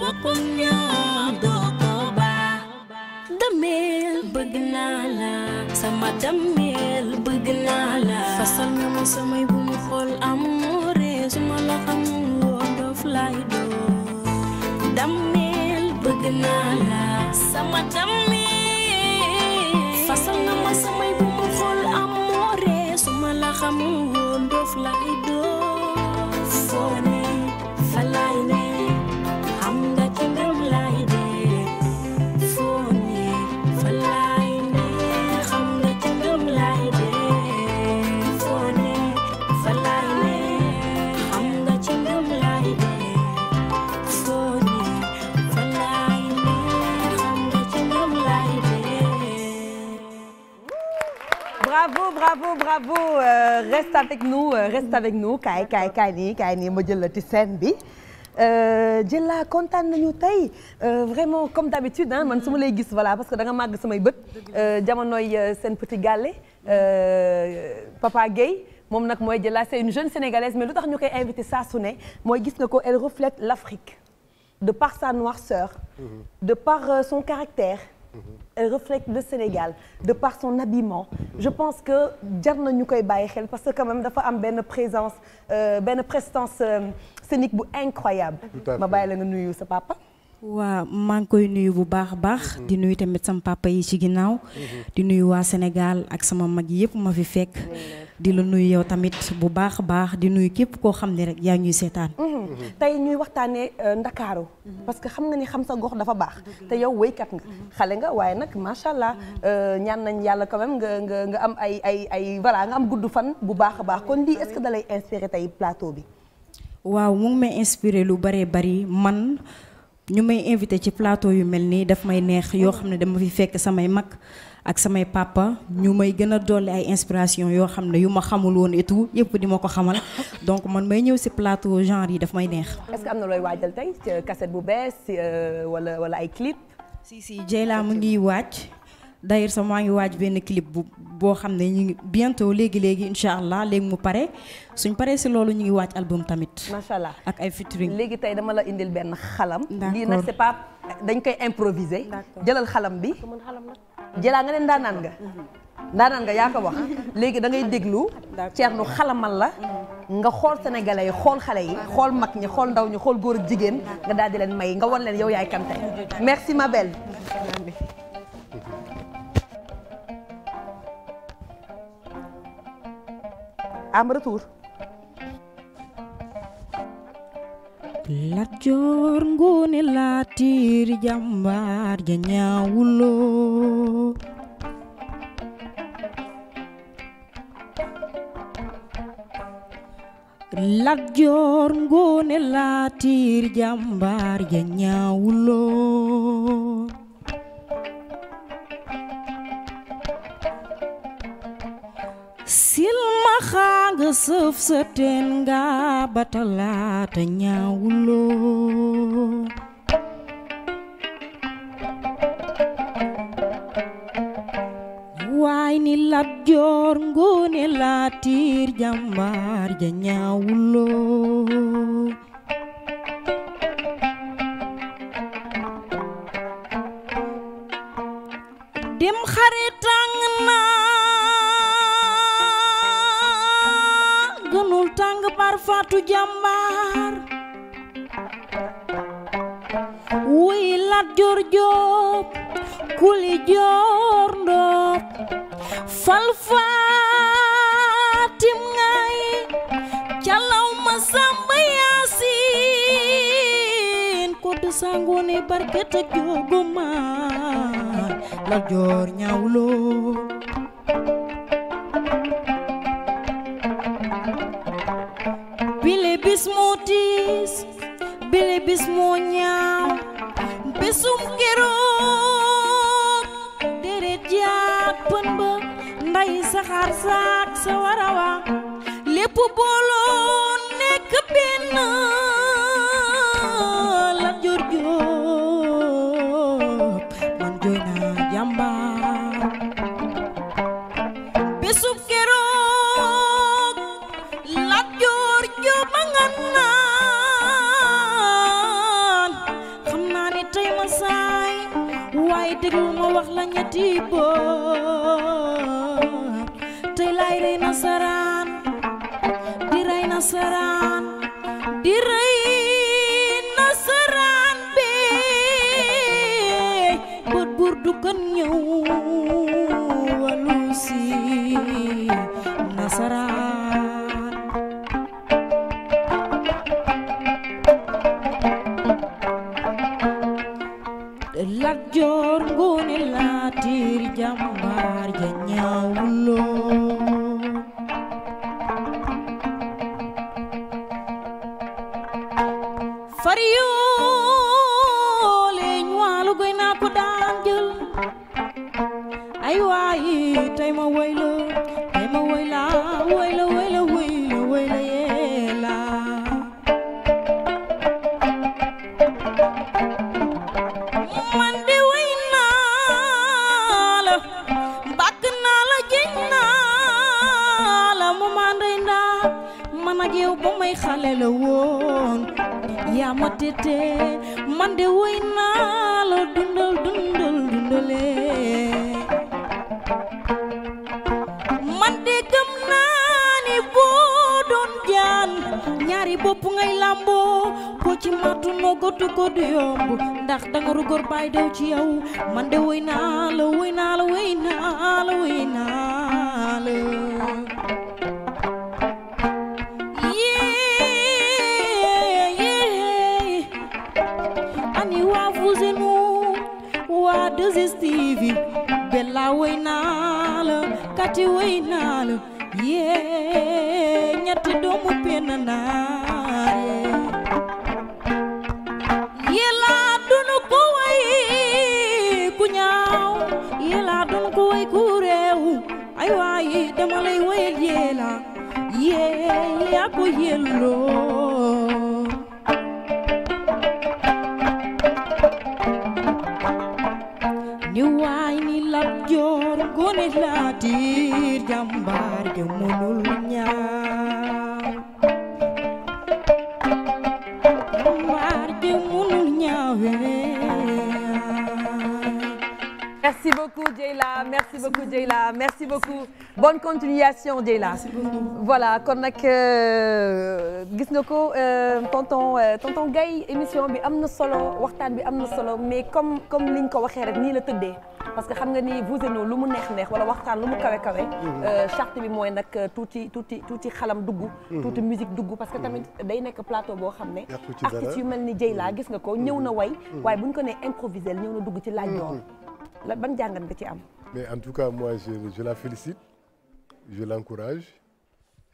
bokkul ñoom doo ko baax dameel bëgg naa la sama dameel bëgg naa la fasal nga ma samay bu mu xool amoore su ma la xamul woon doof laay doo dameel bëgg naa la sama dameel fasal nga ma samay bu mu xool amoore su ma la xamul bravo bravo euh, reste avec nous euh, reste avec nous kaay kaay kaay nii kaay nii ma jël la ci scène bi. Euh, Jëlla kontaan nañu tey vraiment comme d'habitude ah man su ma lay gis voilà parce que da nga màgg samay bët. jamonoy seen petit gàllé Papa Guèye moom nag mooy Jëlla c'est une jeune sénégalaise mais lu tax ñu koy invité saa su ne mooy gis nga ko elle reflète l'Afrique de par sa noirceur. Mhm. de par son caractère. elle reflète le Sénégal de par son habillement je pense que jar na ñu koy bàyyi xel parce que quand même dafa am benn présence euh, benn prestance euh, scénique bu incroyable ma bàyyi la nga nuyu sa papa waa maa ngi koy nuyu bu baax a baax. Mm-hmm. di nuyu tamit sama papa yi ci ginnaaw. Mm-hmm. di nuyu waa Sénégal ak sama mag yëpp ma fi fekk. Mm-hmm. di la nuyu yow tamit bu baax a baax di nuyu képp koo xam ne rek yaa ñuy seetaan. tey ñuy waxtaanee euh, Ndakaaru. parce que xam nga ni xam sa gox dafa baax. te yow wéykat xale nga waaye nag macha allah euh, ñaan nañ yàlla quand même nga nga nga am ay ay ay voilà nga am gudd fan bu baax a baax kon lii est-ce que da tey plateau bi. waaw mu ngi may inspiré lu bare bari man. ñu may invité ci plateau yu mel nii daf may neex yoo xam ne dama fi fekk samay mag ak samay papa ñu may gën a dolli ay inspiration yoo xam ne yu ma xamul woon et yëpp di ma ko xamal donc man may ñëw si plateau genre yi daf may neex. est que am na looy waajal tey cassette bu bees euh, wala wala ay clip. si si Dieyla mu ngiy waaj. d'ailleurs sax maa ngi waaj benn clip bu boo xam ne ñu ngi bientôt léegi léegi incha allah léegi mu pare suñ paree si loolu ñu ngi waaj album tamit. macha allah ak ay featuring. léegi tey dama la indil benn xalam. d'accord lii nag c'est pas dañ koy improviser. jëlal xalam bi. jëlaa nga leen daanaan nga. Mhm. daanaan nga yaa ko wax. *laughs* léegi da ngay déglu. Thierno xalamal la. Mhm. nga xool sénégalais yi xool xale yi xool mag ñi xool ndaw ñi xool góor ak jigéen nga daal di leen may nga wan leen yow yaay kan tey merci ma belle. à mon retour Joor Ngoone Latiir jàmbaar ja ñaawuloo sëf sëteen nga batalaata ñaawuloo waay ni lab joor ngoone laatiir jàmbaar ja ñaawuloo dem xaritaan tàng mar faatu jàmbaar wuy Lat Joor Joob kuli joor ndoog fal faatim ngay calaw ma samba yaasin koddu sangoone barket ak joogo maar Lat Joor ñaawloo bis moo tiis bile bis moo ñaaw bisum keroog deret jaag pën ba nday saxaar saak sa eu woyla may ma woyla woyla woyla woyla woyla yeela man de woy naa la bakk naa la jeñ naa la mu ma ndey ndaa man ak yow may xale la yaa ma tete man de woy naa la dundal dundal ci matu nogotu ko du yomb ndax danga rugor bay daw ci yow man de woy naa la woy naa la woy naa la woy naa la yee yee ani waa Foussé nous waa 2STV Bella woy naa la Kati woy naa la yee ñetti doomu penn naa ko yelloo ni waay ni lab joor gone laatir jàmbaar ja mënul ñaar Merci beaucoup Dieyla ah, merci beaucoup Dieyla merci beaucoup bonne continuation Dieyla. voilà kon nag euh, gis nga ko euh, tonton euh, tonton Gaye émission bi am na solo waxtaan bi am na solo mais comme ni liñ ko waxee rek nii la tëddee parce que xam nga ni vous et nous lu mu neex neex wala waxtaan lu mu kawe kawe. Mm-hmm. charte bi mooy nag tuuti tuuti tuuti xalam dugg. Mm-hmm. tuuti musique dugg parce que tamit mm-hmm. day nekk plateau boo xam ne. artiste yu mel ni Dieyla gis nga ko ñëw na way. waaye bu ñu ko nee improviser ñëw na dugg ci laaj yoon. la ban jàngat nga ci am. mais en tout cas moi je je la félicite je l'encourage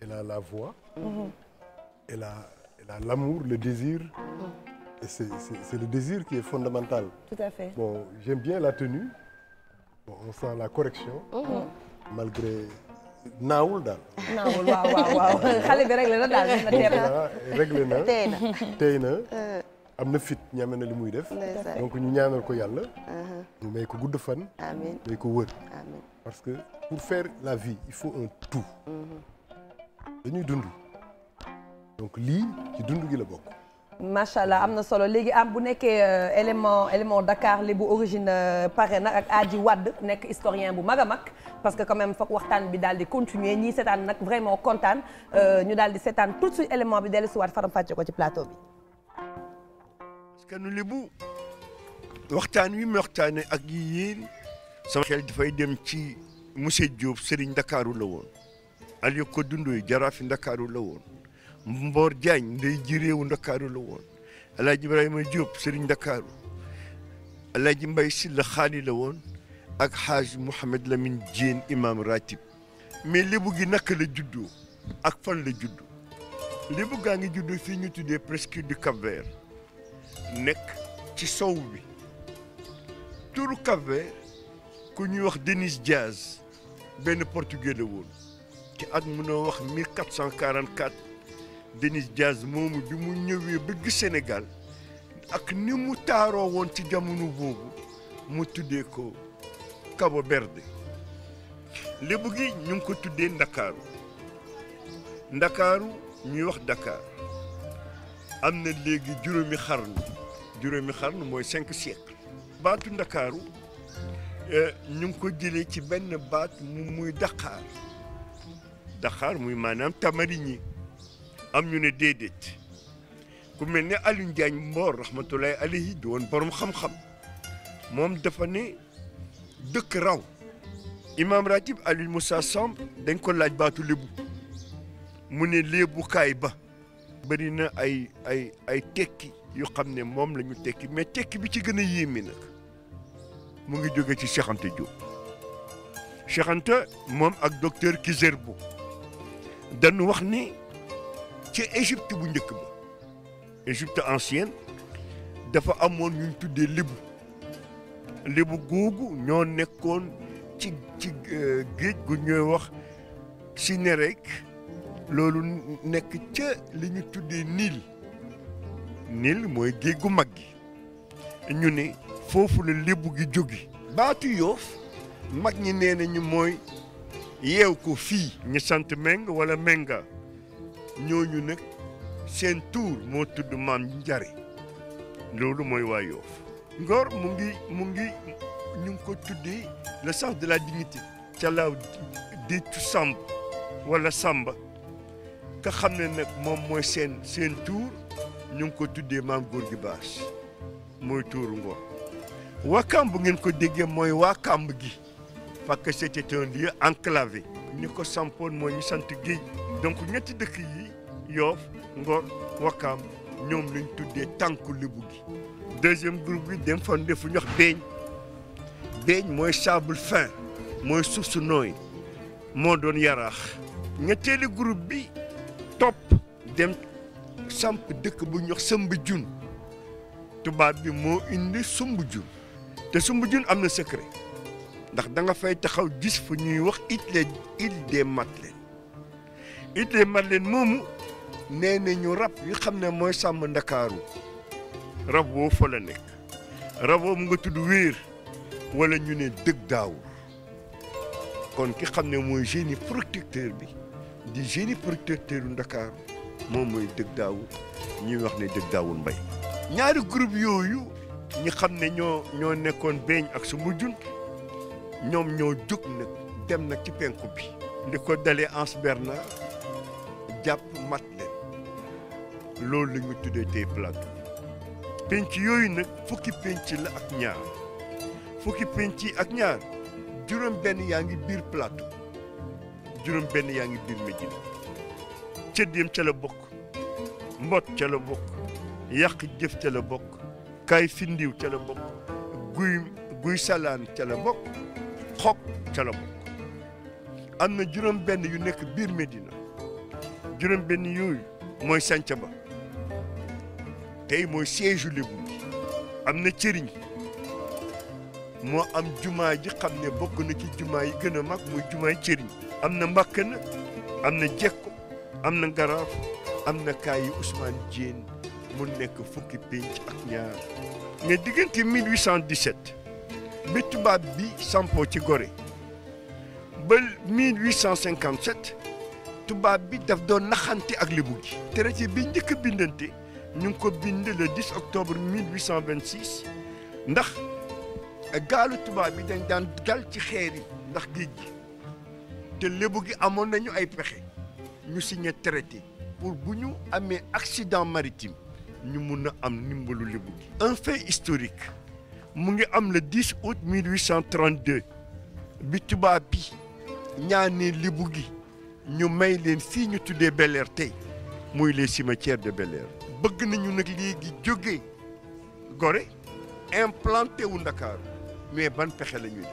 elle la voix. Mmh. la a elle a l'amour le désir. Mhm. et c'est le désir qui est fondamental. tout à fait bon j'aime bien la tenue on sent la correction. Mhm. malgré. naawul daal. naawul waaw waaw *laughs* xale bi réglé na na tey am na fit ñeme na li muy def donc ñu ñaanal ko yàlla uh-huh. ñu may ko gudd fan amiin may ko wër parce que pour faire la vie il faut un tout mm-hmm. dañuy dund donc lii ci dund gi la bokk macha allah am na solo léegi am bu nekkee euh, élément élément Dakar li bu origine euh, pare nag ak Adji Wade nekk historien bu mag a mag parce que quand même foog waxtaan bi daal di continuer ñii seetaan nag vraiment kontaan euh, ñu daal di seetaan tout si suite élément bi dellu si waat faram ko ci plateau bi askanu Lebu waxtaan wi mu waxtaanee ak yi yéen sama xel dafay dem ci monsieur Diop Serigne Ndakaaru la woon Aliou ko jaraafi Ndakaaru la woon Mboor Diagne ndey ji réewu Ndakaaru la woon El Hadj Ibrahima Diop Serigne Ndakaaru El Hadj Mbaye Sylla xaali la woon ak Hadj Mouhamed Lamine Diène imam ratib mais lébu gi naka la juddoo ak fan la juddoo lébu gaa ngi juddoo fii ñu tuddee presqu'île du cap nekk ci sow bi turu Cap ku ñuy wax Denis Diaz benn portugais la woon ci at mënoo wax 1444 Denis Diaz moomu bi mu ñëwee ba gis ak ni mu taaroo woon ci jamono boobu mu tuddee ko Cabo Verde lébu gi ñu ngi ko tuddee Ndakaaru Ndakaaru ñuy wax Dakar am na léegi juróomi xarnu juróomi xarnu mooy cinq siècle baatu ndakaaru e, ñu ngi ko jilee ci benn baat mu muy daqaar daqaar muy maanaam tamari ñi am ñu ne déedéet ku mel ne Alioune Diagne Mboor rahmatulahi alayhi di woon borom xam-xam moom dafa ne dëkk raw imam ratib Aliou Moussa Samb dañ ko laaj baatu lébu mu ne léebukaay ba bari na ay ay ay tekki yu xam ne moom la ñu tekki mais tekki bi ci gën a yéemi nag mu ngi jóge ci Cheikh Anta Diop moom ak docteur Kizerbo dañu wax ni ci Égypte bu njëkk ba Égypte ancienne dafa amoon ñu tuddee libu libu googu ñoo nekkoon ci ci euh, géej gu ñooy wax si Cinérek loolu nekk ca li ñu tuddee Nil Nil mooy géej gu mag gi ñu ne foofu la lébu gi jógi baatu yoof mag ñi nee nañu mooy yeew ko fii ñu sant meng wala menga ñooñu nag seen tuur moo tudd maam njari loolu mooy waa yoof Ngor mu ngi mu ngi ñu ngi ko tuddee le sens de la dignité ca laaw déccu sàmb wala sàmba ka xam ne nag moom mooy seen seen tuur ñu ngi ko tuddee maam góor gi baas mooy tuuru ngor wakamb ngeen ko déggee mooy wakamb gi parce que c'était un lieu enclavé ko sampoon mooy ñu sant gi donc ñetti dëkk yi yoof ngor wakam ñoom lañ tuddee tànku libu gi deuxième groupe bi dem fan defu ñox beeñ beeñ mooy sable fin mooy suuf su nooy moo doon yarax ñetteelu groupe bi topp dem samp dëkk bu ñox wax sëmb jun tubaab bi moo indi sumb te sumb jun am na secret ndax danga fay taxaw gis fu ñuy wax itle île it Madeleines île des Madeleines moomu nee na rab yi xam ne mooy sàmm ndakaaru rab woo fa la nekk rab woo mu nga tudd wéer walla ñu ne dëgg daawur kon ki xam ne mooy génie protecteur bi di génie protecteur u ndakaaru moom mooy dëgg daawul ñuy wax ne dëgg daawul mbay ñaari groupe yooyu ñi xam ne ñoo ñoo nekkoon beeñ ak su mujjun ñoom ñoo jóg nag dem nag ci penku bi li ko dalee Anse Bernard jàpp mat leen loolu la ñu tuddee tey plateau penc yooyu nag fukki penc la ak ñaar fukki penc yi ak ñaar juróom benn yaa ngi biir plateau juróom benn yaa ngi biir Médina cëddim ca la bokk mbot ca bokk yàq jëf ca bokk kaay findiw ca la bokk guy guy salaan bokk xog ca bokk am na juróom benn yu nekk biir Médina juróom benn yooyu mooy sanca tey mooy siège lébu am na cëriñ moo am jumaa ji xam ne bokk na ci jumaa yi gën a mag muy jumaa cëriñ am na mbàkk na am na jekko am na ngaraaf am na kaay yu Ousmane Dieng mu nekk fukki pénc ak ñaar mais diggante 1817 bi tubaab bi sampo ci Gorée ba 1857 tubaab bi daf doon naxante ak lébu gi traité bi njëkk a bindante ñu ngi ko bind le 10 octobre 1826 ndax gaalu tubaab bi dañ daan dal ci xeer ndax géej gi te lébu gi amoon nañu ay pexe ñu signé traité pour bu ñu amee accident maritime ñu mun a am ndimbalu Lebu gi un mu ngi am le 10 août 1832 bi tubaab bi ñaanee Lebu gi ñu may leen fii ñu tuddee Bel tey muy les cimetières de Bel bëgg nañu nag léegi jógee Gorée implanté wu Ndakaaru mais ban pexe la ñuy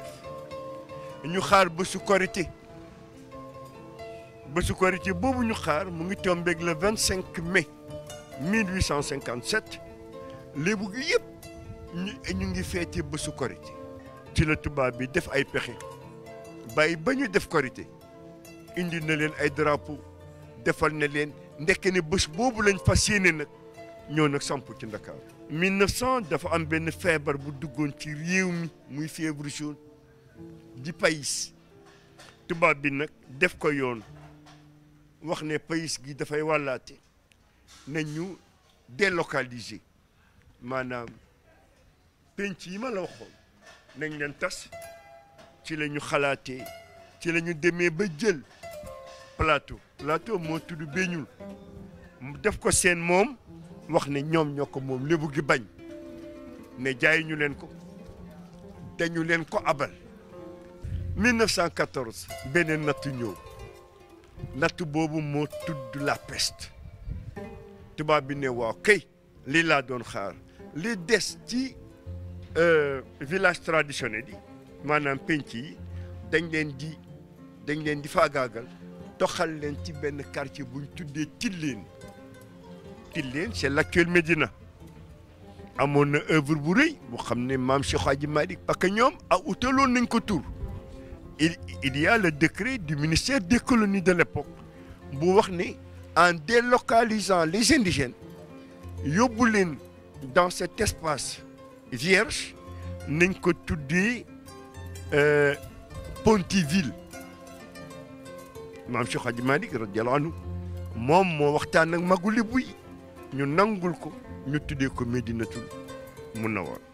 ñu xaar ba su Korité bésu korité boobu ñu xaar mu ngi tombeeg le 25 mai 1857 lébu gi yëpp ñu ñu ngi feete bësu korité ci la tubaab bi def ay pexe bàyyi bañu ñu def korité indi na leen ay drapeau defal na leen ndekk ne bés boobu lañ fas yéene nag ñoo nag samp ci Ndakaar 1900 dafa am benn feebar bu duggoon ci réew mi muy fièvre jaune di pays tubaab bi nag def ko yoon wax ne pays gi dafay wàllaate nañ ñu maanaam penc yi ma la waxoon nañ leen tas ci la ñu xalaatee ci la ñu demee ba jël plateau plateau moo tudd Béñul def ko seen moom wax ne ñoom ñoo ko moom lébu gi bañ ne jaay ñu leen ko dañu leen ko abal 1914 beneen nattu ñëw natt boobu moo tudd la peste tubaab bi ne waaw kay lii laa doon xaar li des ci euh, village traditionnel yi maanaam penc yi dañ leen di dañ leen di faagaagal toxal leen ci benn quartier buñ tuddee Tilleen Tilleen c'est l'actuel Médina amoon na œuvre bu rëy boo xam ne maam Cheikh Hadji Malick parce que ñoom a ah, utaloon nañ ko tur il il y a le décret du ministère des colonies de l'époque bu wax ni en délocalisant les indigènes yóbbu leen dans cet espace vierge nañ ko tuddee euh, Pontiville maam Cheikh Hadji Malick radiyallahu anhu moom moo waxtaan ak magu Lebu yi ñu nangul ko ñu tuddee ko Médinatul Munawwar